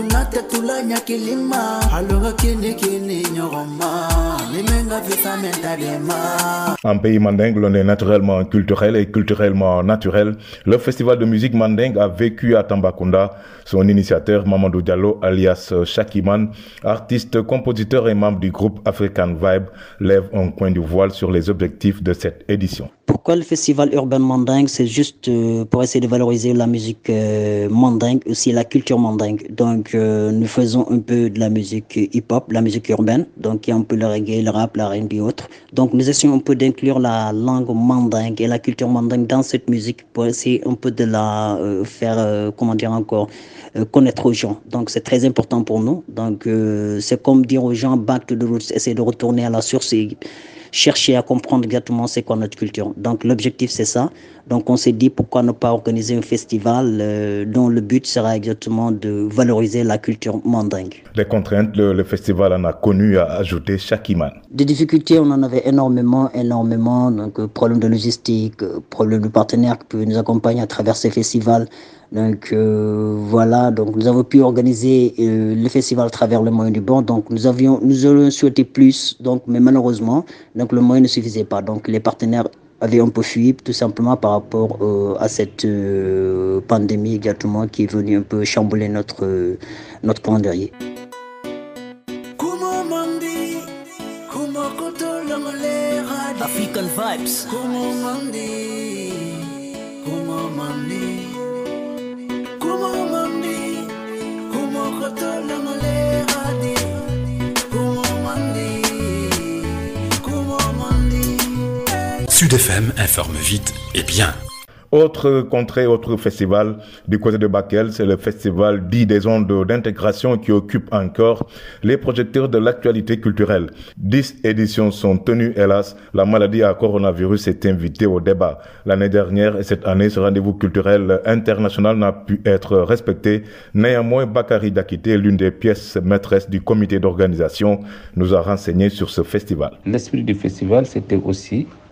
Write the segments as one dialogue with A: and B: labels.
A: tunate
B: tulanya kilima aloga kini kini nyoroma limenga visa
C: pays mandingue l'on est naturellement culturel et culturellement naturel le festival de musique mandingue a vécu à Tambacounda son initiateur Mamadou Diallo alias Shakiman artiste compositeur et membre du groupe African Vibe lève un coin du voile sur les objectifs de cette édition
A: Pourquoi le festival urbain mandingue C'est juste euh, pour essayer de valoriser la musique euh, mandingue, aussi la culture mandingue. Donc, euh, nous faisons un peu de la musique hip-hop, la musique urbaine, donc il y a un peu le reggae, le rap, la R&B et autres. Donc, nous essayons un peu d'inclure la langue mandingue et la culture mandingue dans cette musique pour essayer un peu de la faire, comment dire encore, connaître aux gens. Donc, c'est très important pour nous. Donc, c'est comme dire aux gens, back to the roots, essayer de retourner à la source. Et, chercher à comprendre exactement c'est quoi notre culture. Donc l'objectif c'est ça. Donc on s'est dit pourquoi ne pas organiser un festival euh, dont le but sera exactement de valoriser la culture mandingue.
C: Les contraintes, le, le festival en a connu à ajouter chaque iman.
A: Des difficultés, on en avait énormément, énormément. Donc euh, problème de logistique, euh, problème de partenaires qui pouvaient nous accompagner à travers ces festivals. Donc euh, voilà, donc nous avons pu organiser euh, le festival à travers le moyen du bord. nous avions, nous plus, donc mais malheureusement, le moyen ne suffisait pas. Donc les partenaires avaient un peu fui tout simplement par rapport euh, à cette euh, pandémie exactement qui est venue un peu chambouler notre euh, calendrier.
D: Sud FM informe vite et bien.
C: Autre contrée, autre festival le festival dit des ondes d'intégration qui occupe encore les projecteurs de l'actualité culturelle. Dix éditions sont tenues, hélas. La maladie à coronavirus est invitée au débat. L'année dernière et cette année, ce rendez-vous international n'a pu être respecté. Néanmoins, Bakari Dakité, l'une des pièces maîtresses du comité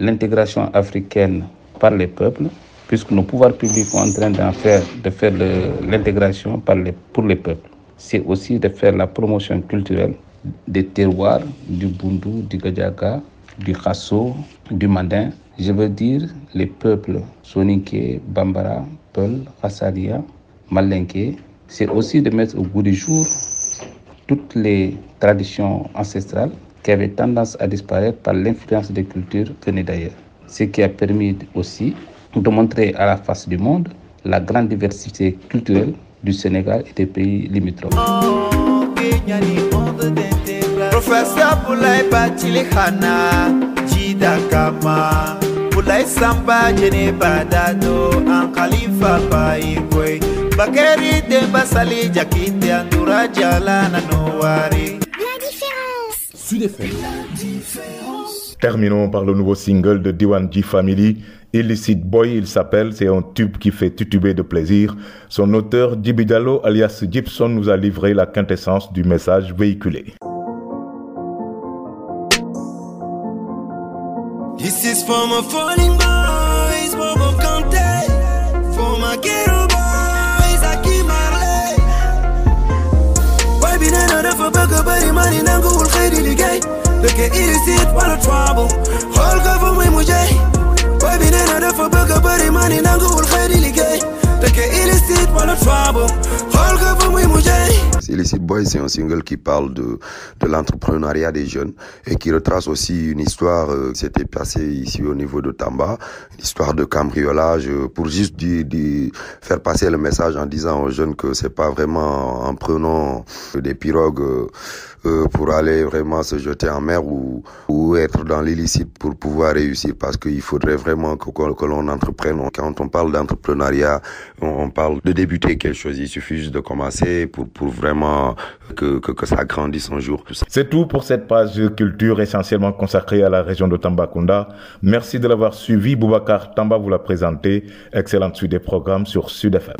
B: l'intégration africaine par les peuples, puisque nos pouvoirs publics sont en train d'en faire, de faire l'intégration par les, pour les peuples. C'est aussi de faire la promotion culturelle des terroirs du Bundu, du Gadjaga, du Khasso, du Mandin. Je veux dire les peuples Soninké, Bambara, Peul, Khassaria, Malinké. C'est aussi de mettre au goût du jour toutes les traditions ancestrales qui avait tendance à disparaître par l'influence des cultures venues d'ailleurs, ce qui a permis aussi de montrer à la face du monde la grande diversité culturelle du Sénégal et des pays limitrophes.
D: Professeur Boulaye Bathily Hana Djida Kama Samba Diéné an Khalifa Baye Koye Bakary Demba Saly Diakité Andoura Diallo Nano Wari Sud FM.
C: Terminons par le nouveau single de Diwanji Family, Illicit Boy, il s'appelle, c'est un tube qui fait tituber de plaisir. Son auteur, Dibidalo, alias Gibson, nous a livré la quintessence du message véhiculé.
D: This bëgg a bëri man yi nanguwul xëy di liggéey dëkk illicite wala trouble xool ko fa muy mujjee bi nee dafa bëgg a bëri man yi nanguwul xëy di liggéey dëkk illicite wala trouble xool ko fa muy Illicit Boy, c'est un single qui parle de, l'entrepreneuriat des jeunes et qui retrace aussi une histoire euh, qui s'était passée ici au niveau de Tamba, une de cambriolage euh, pour juste du, du, faire passer le message en disant aux jeunes que c'est pas vraiment en prenant des pirogues euh, euh pour aller vraiment se jeter en mer ou, pour pouvoir réussir parce que, que, que l'on Quand on parle d'entrepreneuriat, on, parle de débuter quelque chose. Il suffit de commencer pour, vraiment que, que, que ça grandisse un jour.
C: C'est tout pour cette page culture essentiellement consacrée à la région Tambacounda. Merci de l'avoir suivi. Boubacar Tamba vous l'a présenté. Excellente suite des programmes sur Sud FM.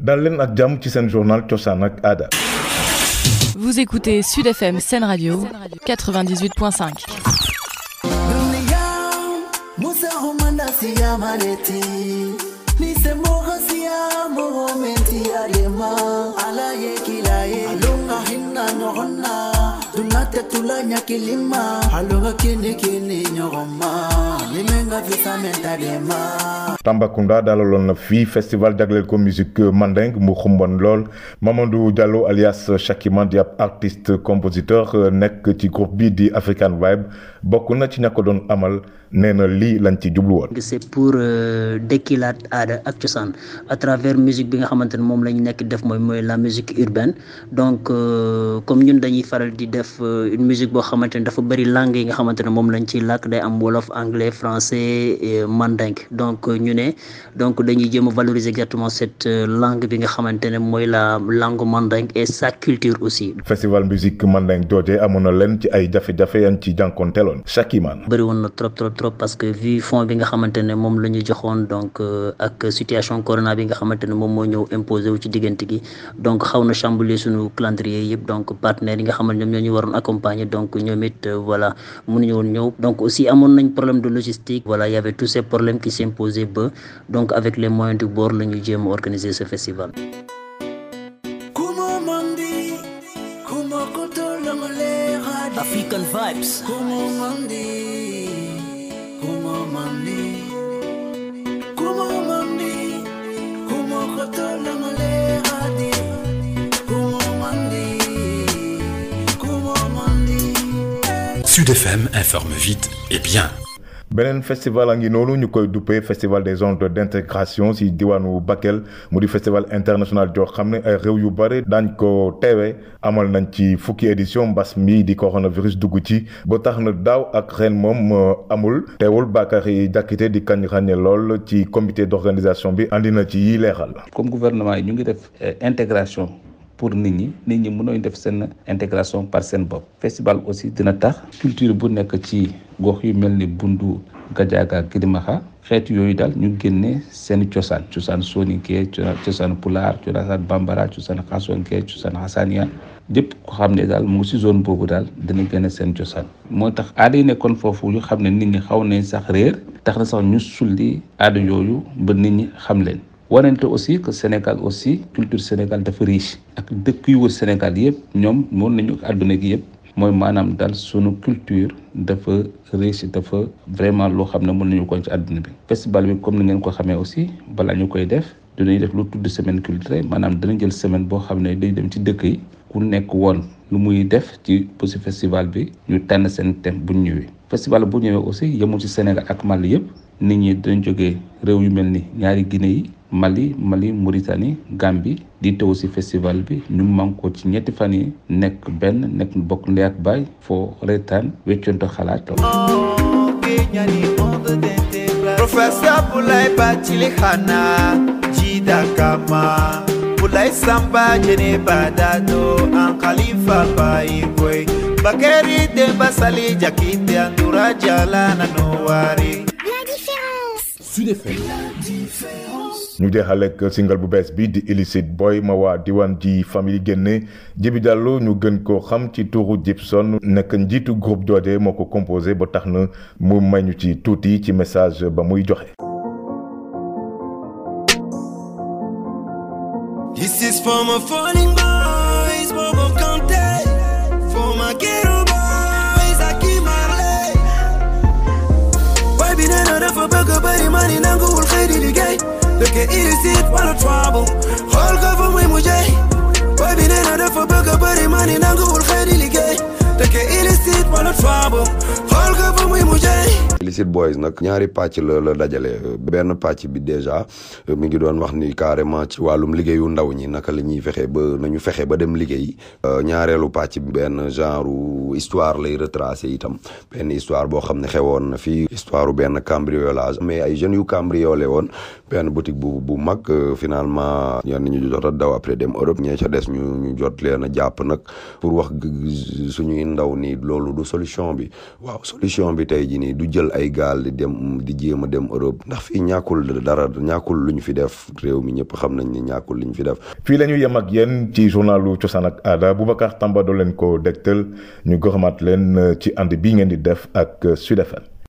C: dal leen ak jàmm ci seen journal cosaan ak aada.
B: vous écoutez Sud FM Sen Radio 98.5.
A: mama. tula ɲakilima aloga kini kini ɲɔgɔn ma ni min ka fisa min ta
B: de
C: dalaloon na fii festival jagleel ko musique mandeng mu xumboon lool Mamadou Diallo alias Chakima di ab artiste compositeur euh, nekk ci groupe bi di African Vibe bokk na ci ña ko doon amal nee lii lañ ci jubluwoon.
A: c'est pour euh, dekkilaat aada ak cosaan à travers musique bi nga xamante ne moom lañ nekk def mooy mooy la musique urbaine donc euh, comme ñun dañuy faral di def. une musique boo xamante ne dafa bëri langue yi nga xamante ne moom lañ dañuy jéem a valoriser exactement cette euh, langue bi nga xamante ne mooy la langue manding et sa culture aussi.
C: festival musique manding jooje amoon na leen ay jafe-jafe yan ci jànkoonteloon Shakiman.
A: bëri woon na trop trop trop parce que vu fond bi nga xamante ne moom la ñu joxoon donc euh, ak situation corona bi nga xamante ne moom moo ñëw imposé wu ci diggante gi donc xaw na chamboulé sunu calendrier yëpp donc partenaires yi nga xam ne ñoom waroon accompagner donc ñoom it euh, voilà mënuñu woon ñëw donc aussi amoon nañ problème de logistique voilà y avait tous ces problèmes qui s'imposaient ba donc avec les moyens du bord la jéem organiser ce festival
D: FM informe vite et bien.
C: beneen festival a ngi noonu ñu koy duppee festival des ondes d'intégration diwaan wu Bakel mu di festival international joo xam ne ay réew yu bare daañ ko teewee amal nañ ci fukki édition mbas mi di coronavirus dugg ci boo tax na daaw ak ren moom euh, amul teewul yi Diakité di kañ ràññee lool ci comité d'organisation bi andi na ci yii leexal.
B: comme gouvernement yi ñu ngi def euh, intégration. pour nit ñi nit ñi mënoo def seen intégration par seen bopp festival aussi dina tax culture bu nekk ci gox yu mel ni Bundu Gadiaga Kilimaxa xeet yooyu daal ñu génne seen cosaan cosaan soninke cosaan pulaar cosaan bambara cosaan xasonke cosaan xasaaniya yëpp ko xam ne daal mu ngi si zone boobu daal dina génne seen cosaan moo tax aada yi nekkoon foofu yu xam ne nit ñi xaw nañ sax réer tax na sax ñu sulli aada yooyu ba nit ñi xam leen wanante aussi que Sénégal aussi culture Sénégal dafa riche ak dëkk yu wër Sénégal yëpp ñoom moom nañu ak àdduna gi yëpp mooy maanaam daal suñu culture dafa riche dafa vraiment loo xam ne mun nañu ko ci àdduna bi festival bi comme ni ngeen ko xamee aussi balaa ñu koy def dinañ def lu tudd semaine culturelle maanaam dana jël semaine boo xam ne day dem ci dëkk yi ku nekk woon lu muy def ci bésu festival bi ñu tànn seen thème bu ñëwee festival bu ñëwee aussi yemul ci Sénégal ak Mali yëpp nit ñi dañ jógee réew yu mel ni ñaari Guinée yi Mali Mali Mauritanie Gambie di teew ci festival bi ñu man ci ñetti fan yi nekk benn nekk bokk ndey ak baay foo reetaan wecconto xalaatoo
D: Professeur Boulaye Bathily Hana Djida Kama Boulaye Samba Diéné Badado An Khalifa Baye Boye Bakary Demba Sali Jakite Andura Jala Nanowari
C: ñu jeexaleeg singal bu bees bi di illicite boy ma waa diwaan ji famille génne Djiby Diallo ñu gën koo xam ci tuuru Jibson nekk njiitu groupe jooje moo ko composé ba tax na mu mañu ci tuuti ci message ba muy joxe.
D: di nanguwul xëy di liggéey dëkke illicite wala trouble xool ko fa muy mujjee boy bi nee na dafa bëgg a bëri man di nanguwul xëy di liggéey wala trouble xool muy mujjee. Illicit Boys nag ñaari pàcc la dajale benn pàcc bi déjà euh, mi ngi doon wax ni carrément ci wàllum liggéeyu ndaw ñi naka la ñuy fexe ba nañu fexe ba dem liggéey euh, ñaareelu pàcc bi benn genre histoire lay retrace itam benn histoire boo xam ne xewoon na fii histoire benn cambriolage mais ay jeunes yu cambriolé woon benn boutique bu bu mag euh, finalement ñenn ñu jot a daw après dem Europe ñee ca des ñu ñu jot leen a jàpp nag pour wax suñuy ndaw ni loolu solution bi waaw solution bi tey jii nii du jël ay gaal di dem di jéem a dem Europe ndax fii ñàkkul dara ñàkkul lu ñu fi def réew mi ñëpp xam nañ ni ñàkkul li ñu fi def. fii la ñu yem ak yéen ci
C: journalu cosaan ak aada Boubacar Tamba doo leen ko dégtal ñu gërëmaat leen ci ànd bi ngeen di def ak Sud FM